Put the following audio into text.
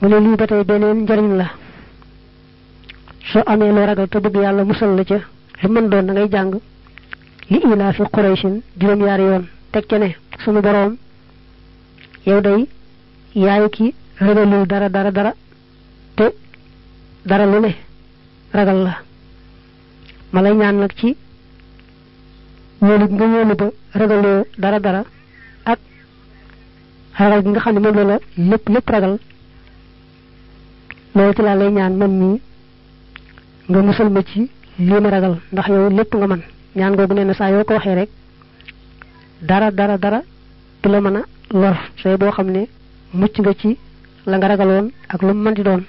mu ne lii ba tey beneen njariñ la soo amee loo ragal te bëgg yàlla musal la ca li mën doon da ngay jàng li ilaa fi quraysin juróom-ñaari yoon teg ca ne sunu boroom yow day yaayu ki ragalul dara dara dara te dara lu ne ragal la ma lay ñaan nag ci wóolu nga wóolu ba ragaloo dara dara ak ragal gi nga xam ne moom la la lépp lépp ragal loolu ci laa lay ñaan man mii nga musal ma ci lii ma ragal ndax yow lépp nga man ñaan nga nee na saa yoo ko waxee rek dara dara dara du la mën a lor say boo xam ne mucc nga ci la nga ragaloon ak lu mu mën di doon